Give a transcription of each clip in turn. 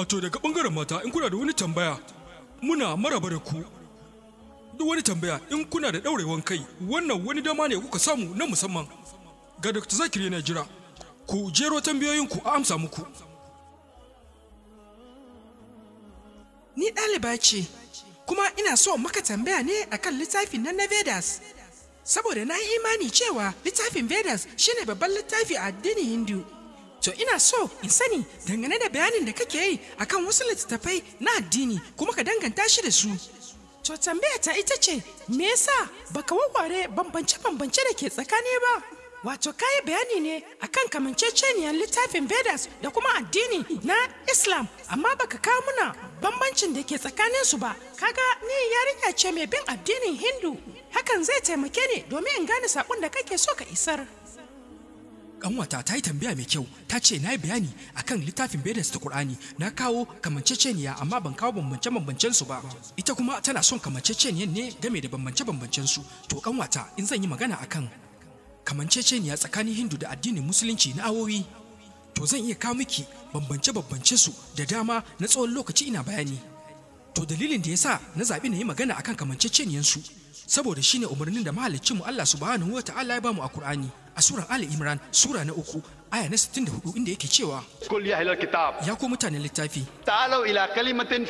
a to daga bangaren mata in kuna da wani tambaya muna maraba da ku duk wani tambaya in kuna da ɗaurewan kai wannan wani dama ne kuka samu na musamman ga dr zakir yana jira ku jero tambayoyinku a amsa muku ni ɗaliba ce kuma ina so maka tambaya ne akan littafin na vedas saboda na yi imani cewa littafin vedas shine babban littafi a addinin hindu to ina so in sani dangane da bayanin da kake yi akan wasu littattafai na addini kuma ka danganta shi da su to tambaya ta ita ce me yasa baka wawware bambance-bambance da ke tsakani ba wato kayi bayani ne akan kamanceceniyar littafin vedas da kuma addini na islam amma baka kawo muna bambancin da ke tsakanin su ba kaga ni yarinya ce mai bin addinin hindu hakan zai taimake ni domin in gane sakon da kake so ka isar kanwata ta yi tambaya mai kyau ta ce na yi bayani akan littafin bedans ta Kur'ani na kawo kamanceceniya amma ban kawo bambance bambancen su ba ita kuma tana son kamanceceniya ne game da bambance bambancen su to kanwata in zan yi magana akan kamanceceniya tsakanin Hindu da addinin musulunci na awowi to zan iya kawo miki bambance bambance su da dama na tsawon lokaci ina bayani to dalilin da ya sa na zaɓi na yi magana akan kamanceceniyan su saboda shine umarnin da mahaliccinmu Allah subhanahu wa ta'ala ya bamu a Kur'ani a sura Ali Imran sura na uku aya na 64 inda yake cewa Kul ya ahlal kitab ya ku mutane littafi ta'alu ila kalimatin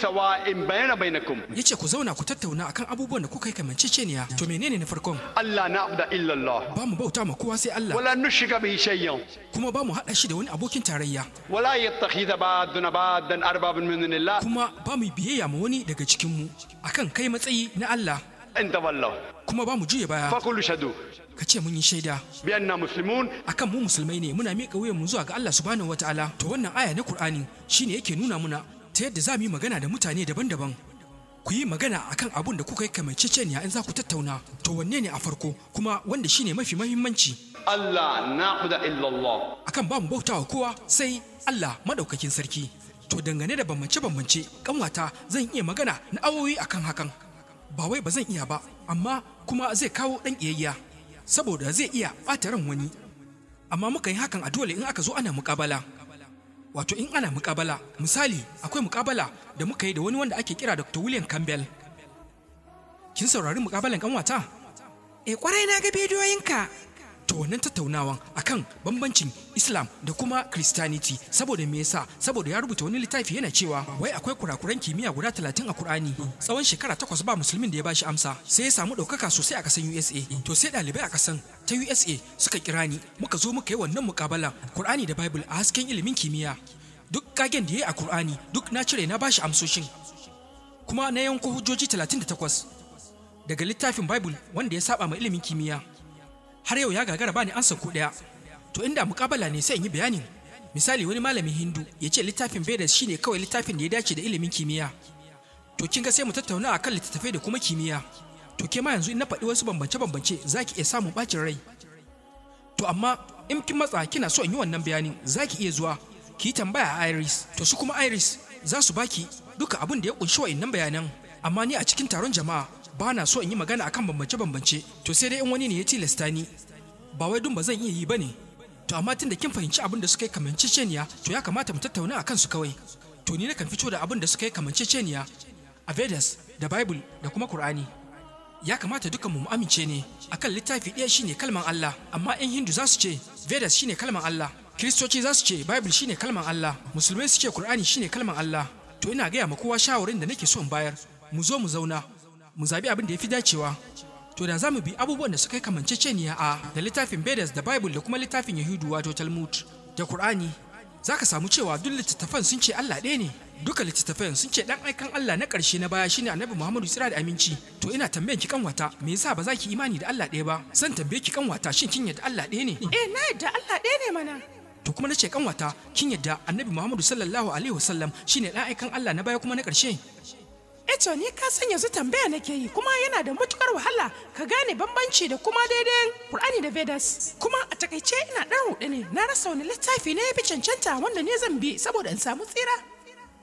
in bayna bainakum yace ku zauna ku tattauna akan abubuwan da kuka yi kamanceceniya to menene na farkon Allah na abda illa Allah ba mu bauta ma kowa sai Allah wala nushika bi shay'in kuma ba mu hada shi da wani abokin tarayya wala yattakhidha ba'duna ba'dan arbabun min kuma ba mu biyayya ma wani daga cikin mu akan kai matsayi na Allah in kuma ba mu juye baya kullu shadu ka ce mun yi shaida bi anna muslimun akan mu musulmai ne muna miƙa wuyan mu zuwa ga Allah subhanahu wataala to wannan aya na Qur'ani shine yake nuna muna ta yadda za mu yi magana da mutane daban-daban ku yi magana akan abun da kuka yi ya in za ku tattauna to wanne ne a farko kuma wanda shine mafi mahimmanci Allah illa illallah akan ba mu bautawa kowa sai Allah madaukakin sarki to dangane da bambance-bambance kanwata zan iya magana na awowi akan hakan ba wai ba zan iya ba amma kuma zai kawo ɗan ƙiyayya saboda zai iya ɓata ran wani amma muka yi hakan a dole in aka zo ana muƙabala wato in ana muƙabala misali akwai muƙabala da muka yi da wani wanda ake kira dr william campbell kin saurari muƙabalan ƙanwata? eh kwarai na ga bidiyoyinka to wannan tattaunawan akan bambancin islam da kuma christianity saboda me yasa saboda ya rubuta wani littafi yana cewa wai akwai kurakuran kimiyya guda talatin a kur'ani tsawon shekara takwas ba musulmin da ya bashi amsa sai ya samu ɗaukaka sosai a kasan usa to sai ɗalibai a kasan ta usa suka kira ni muka zo muka yi wannan muƙabala kur'ani da bible a hasken ilimin kimiyya duk kagen da ya yi a kur'ani duk na cire na bashi amsoshin kuma na yanko hujjoji takwas. daga littafin bible wanda ya saba ma ilimin kimiyya har yau ya gagara bani ansa ko ɗaya to inda mukabala ne sai in yi bayanin misali wani malamin hindu ya ce littafin vedas shine kawai littafin da ya dace da ilimin kimiyya to kin ga sai mu tattauna akan littattafai da kuma kimiyya to ke ma yanzu in na faɗi wasu bambance-bambance za ki iya samun ɓacin rai to amma in kin matsa kina so in yi wannan bayanin za ki iya zuwa ki yi tambaya a iris to su kuma iris za su baki duka abin da ya ƙunshi wa'innan bayanan amma ni a cikin taron jama'a ba na so in yi magana akan bambance-bambance to sai dai in wani ne ya tilasta ni ba wai dun ba zan iya yi ba ne to amma tun da kin fahimci abin da suka yi kamanceceniya to ya kamata mu tattauna akan su kawai to ni kan fito da abin da suka yi kamanceceniya a Vedas da Bible da kuma Kur'ani ya kamata dukanmu mu amince ne akan littafi ɗaya shine kalman Allah amma 'yan Hindu za su ce Vedas shine kalman Allah Kiristoci za su ce Bible shine kalman Allah musulmai su ce Kur'ani shine kalman Allah to ina gaya ma kowa shawarin da nake so in bayar mu zo mu zauna mu zabi abin da ya fi dacewa to da za mu bi abubuwan da suka yi kamanceceniya a da littafin Bedas da Bible da kuma littafin Yahudu wato Talmud da Kur'ani za ka samu cewa duk littattafan sun ce Allah ɗaya ne duka littattafan sun ce ɗan aikan Allah na ƙarshe na baya shine Annabi Muhammadu tsira da aminci to ina tambayan ki kanwata me yasa ba za ki imani da Allah ɗaya ba zan tambaye ki kanwata shin kin yadda Allah ɗaya ne eh na yadda Allah ɗaya ne mana to kuma na kan kanwata kin yadda Annabi Muhammadu sallallahu alaihi wasallam shine ɗan aikan Allah na baya kuma na ƙarshe eto eh ni ka san yanzu tambaya nake yi kuma yana da matukar wahala ka gane bambanci da kuma daidai Qur'ani da Vedas kuma a takaice ina dan rude ne na rasa wani littafi ne bi cancanta wanda ne zan bi saboda in samu tsira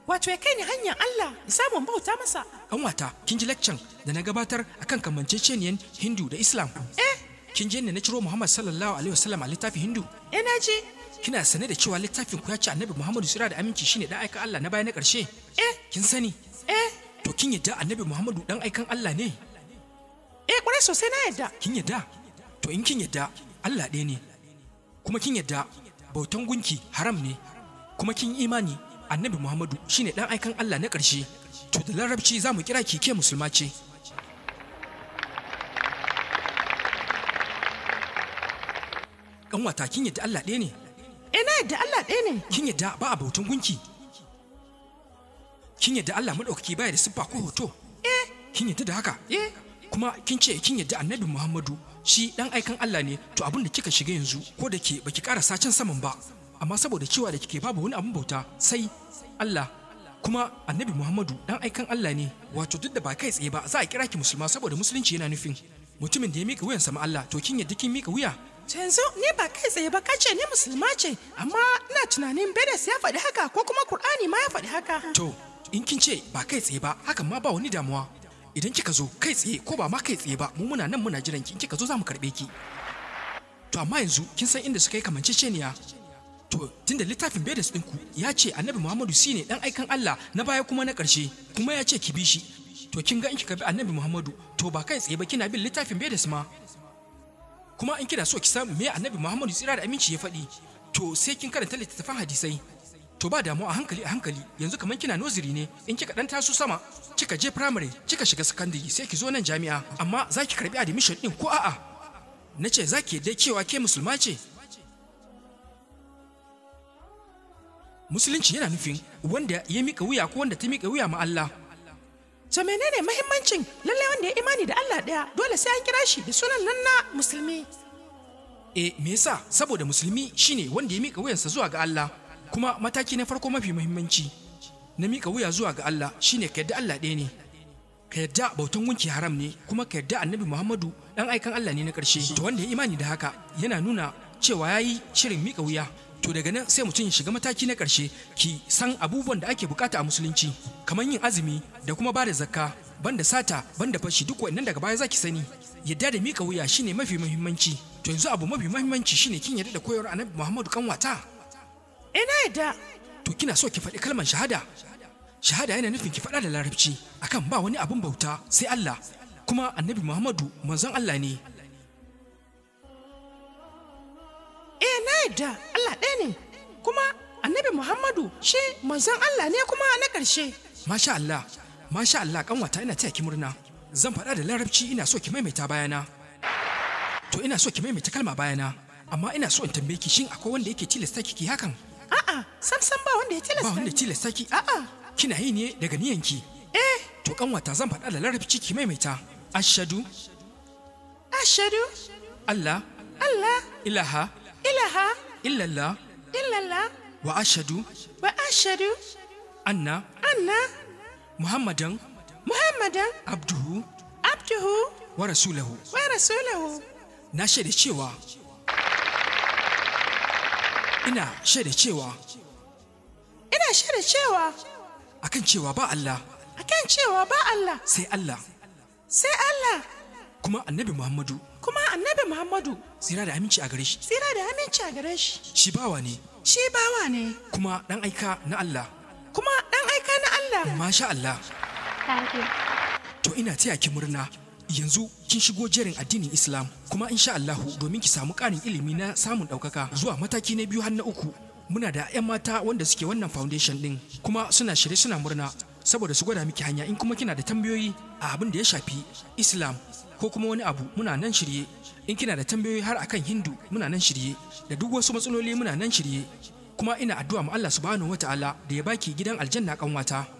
wato ya kai ni hanyar Allah in samu bauta masa kan wata kin ji lecture da na gabatar akan kamanceceniyan Hindu da Islam eh kin ji ne na ciro Muhammad sallallahu alaihi wasallam a littafin Hindu eh na ji kina sane da cewa littafin ku ya ci Annabi Muhammadu sura da aminci shine da aika Allah na baya na karshe eh kin sani eh to kin yadda annabi muhammadu dan aikan allah ne eh kwarai sosai na yadda kin yadda to in kin yadda allah ɗaya ne kuma kin yadda bautan gunki haram ne kuma kin imani annabi muhammadu shine dan aikan allah na ƙarshe to da larabci za mu kira keke musulma ce ɗan wata kin yadda allah ɗaya ne eh na yadda allah ɗaya ne kin yadda ba a bautan gunki kin yadda Allah maɗaukaki baya da siffa ko hoto eh kin yadda da haka eh kuma kin ce kin yadda annabi Muhammadu shi dan aikan Allah ne to abin da kika shiga yanzu ko da ke baki karasa can saman ba amma saboda cewa da kike babu wani abin bauta sai Allah kuma annabi Muhammadu dan aikan Allah ne wato duk da ba kai tsaye ba za a kira ki musulma saboda musulunci yana nufin mutumin da ya mika wuyan sama Allah to kin yadda kin mika wuya yanzu ni ba kai tsaye ba kace ni musulma ce amma ina tunanin Beres ya faɗi haka ko kuma Qur'ani ma ya faɗi haka to in kin ce ba kai tsaye ba Haka ma ba wani damuwa idan kika zo kai tsaye ko ba ma kai tsaye ba mu muna nan muna jiran ki in kika zo za mu ki to amma yanzu kin san inda suka yi kamanceceniya to tunda littafin bedes ɗinku ya ce annabi muhammadu si ne ɗan aikan allah na baya kuma na ƙarshe kuma ya ce ki bi shi to kin ga in kika bi annabi muhammadu to ba kai tsaye ba kina bin littafin bedas ma kuma in kina so ki san me annabi muhammadu tsira da aminci ya faɗi to sai kin karanta littattafan hadisai to ba damuwa a hankali a hankali yanzu kamar kina noziri ne in kika dan taso sama kika je primary kika shiga secondary sai ki zo nan jami'a amma za ki karbi admission din ko a'a na ce za ki dai cewa ke musulma ce musulunci yana nufin wanda ya mika wuya ko wanda ta mika wuya ma Allah to menene muhimmancin lalle wanda ya imani da Allah daya dole sai an kira shi da sunan nan na musulmi eh me yasa saboda musulmi shine wanda ya mika wuyansa zuwa ga Allah kuma mataki na farko mafi muhimmanci na mika wuya zuwa ga Allah shine ka yadda Allah ɗaya ne ka yadda bautan gunki haram ne kuma ka yadda annabi Muhammadu ɗan aikan Allah ne na ƙarshe to wanda ya imani da haka yana nuna cewa ya yi shirin mika wuya to daga nan sai mutum ya shiga mataki na ƙarshe ki san abubuwan da ake bukata a musulunci kamar yin azumi da kuma bada zakka banda sata banda fashi duk wannan daga baya zaki sani yadda da mika wuya shine mafi muhimmanci to yanzu abu mafi muhimmanci shine kin yadda da koyarwar annabi Muhammadu kanwata eh na yadda to kina so ki faɗi kalmar shahada shahada yana nufin ki faɗa da larabci akan ba wani abin bauta sai Allah kuma annabi Muhammadu manzon Allah ne ina eh, na yadda Allah ɗaya ne kuma annabi Muhammadu shi manzon Allah ne kuma na ƙarshe masha Allah masha Allah kanwata ina taya ki murna zan faɗa da larabci ina so ki maimaita bayana to ina so ki maimaita kalma bayana amma ina so in tambaye ki shin akwai wanda yake tilasta kiki hakan A'a, sam sam ba wanda ya tilasta. Ba wanda ya tilasta ki? A'a. Kina yi ne daga niyanki? Eh. To kanwata zan faɗa da larabci ki maimaita. Ashadu. Ashadu. Allah. Allah. Ilaha. Ilaha. Illalla. Illalla. Wa ashadu. Wa ashadu. Anna. Anna. Muhammadan. Muhammadan. Abduhu. Abduhu. Wa rasulahu. Wa rasulahu. Na shaida cewa ina shaida cewa ina shaida cewa akan cewa ba Allah akan cewa ba Allah sai Allah sai Allah kuma annabi Muhammadu kuma annabi Muhammadu tsira da aminci a gare shi tsira da aminci a gare shi shi bawa ne shi bawa ne kuma dan aika na Allah kuma dan aika na Allah masha Allah thank you to ina taya ki murna yanzu kin shigo jerin addinin Islam kuma insha Allah domin ki samu ƙarin ilimi na samun ɗaukaka zuwa mataki na biyu har na uku muna da 'yan mata wanda suke wannan foundation ɗin kuma suna shirye suna murna saboda su gwada miki hanya in kuma kina da tambayoyi a abin da ya shafi Islam ko kuma wani abu muna nan shirye in kina da tambayoyi har akan Hindu muna nan shirye da duk wasu matsaloli muna nan shirye kuma ina addu'a ma Allah subhanahu wataala da ya baki gidan aljanna kanwata